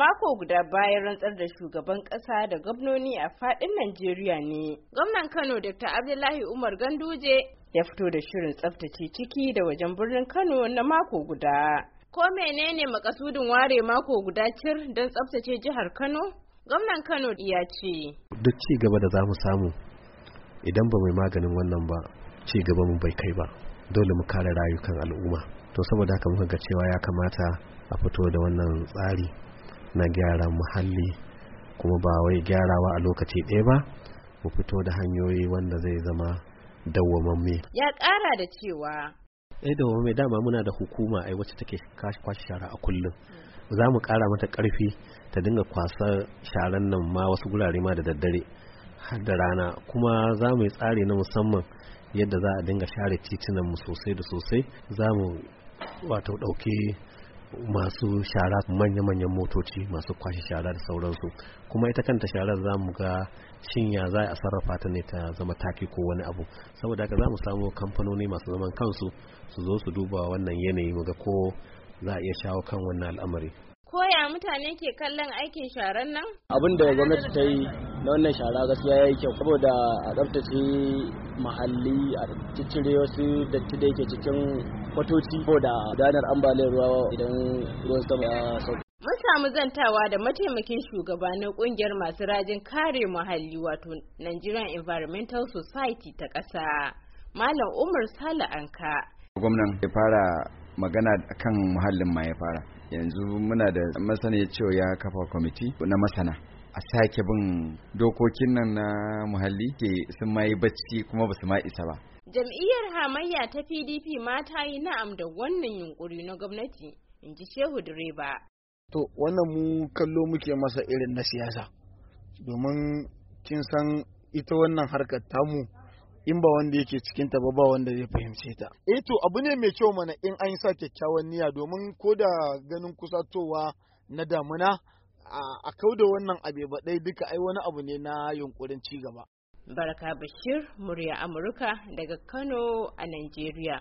Mako guda bayan rantsar da shugaban kasa da gwamnoni a fadin Najeriya ne. Gwamnan Kano Dr. Abdullahi Umar Ganduje ya fito da shirin tsaftace ciki da wajen birnin Kano na mako guda. Ko menene makasudin ware mako guda cir don tsaftace jihar Kano? Gwamnan Kano ya ce. Duk ci gaba da za mu samu idan ba mai maganin wannan ba ci gaba mu bai kai ba dole mu kare rayukan al'umma to saboda haka muka ga cewa ya kamata a fito da wannan tsari na gyara muhalli kuma ba wai gyarawa a lokaci ɗaya ba mu fito da hanyoyi wanda zai zama dawwamamme ya ƙara da cewa ai eh, dawwamamme dama muna da hukuma ai wacce take kwashe shara a kullum hmm. za mu ƙara mata ƙarfi ta dinga kwasar sharan nan ma wasu gurare ma da daddare har da rana kuma za mu yi tsari na musamman yadda za a dinga share titunan mu sosai da sosai za mu wato ɗauki masu shara manya-manyan motoci masu kwashe shara da sauransu kuma ita kanta sharar za mu ga shinya ya za a sarrafa ta ne ta zama taki ko wani abu saboda haka za mu samu kamfanoni masu zaman kansu su zo su duba wannan yanayi mu ga ko za a iya shawo kan wannan al'amari Ko ya mutane ke kallon aikin sharar nan abin da gwamnati ta yi na wannan shara gaskiya ya yi kyau saboda a tsaftace muhalli a ciccire wasu datti da yake cikin kwatoci ko da danar ambaliyar ruwa idan ruwan sama ya sauka mun samu zantawa da mataimakin shugaba na kungiyar masu rajin kare muhalli wato Nigerian Environmental Society ta ƙasa Malam Umar Sale Anka gwamnan ya fara magana kan muhallin ma ya fara yanzu muna da masana ya cewa ya kafa kwamiti na masana a sake bin dokokin nan na muhalli ke sun ma bacci kuma ba su ma isa ba. Jam'iyyar hamayya ta PDP ma ta yi na'am da wannan yunkuri na gwamnati, in ji Shehu Direba. To, wannan mu kallo muke masa irin na siyasa, domin kin san ita wannan harkar tamu in ba wanda yake cikin ta ba ba wanda zai fahimce ta. Eh to abu ne mai kyau mana in an yi sa kyakkyawan niyya domin ko da ganin kusatowa na damuna a da wannan abe baɗai duka ai wani abu ne na yunkurin ci gaba. Baraka Bashir, murya Amurka daga Kano a Najeriya.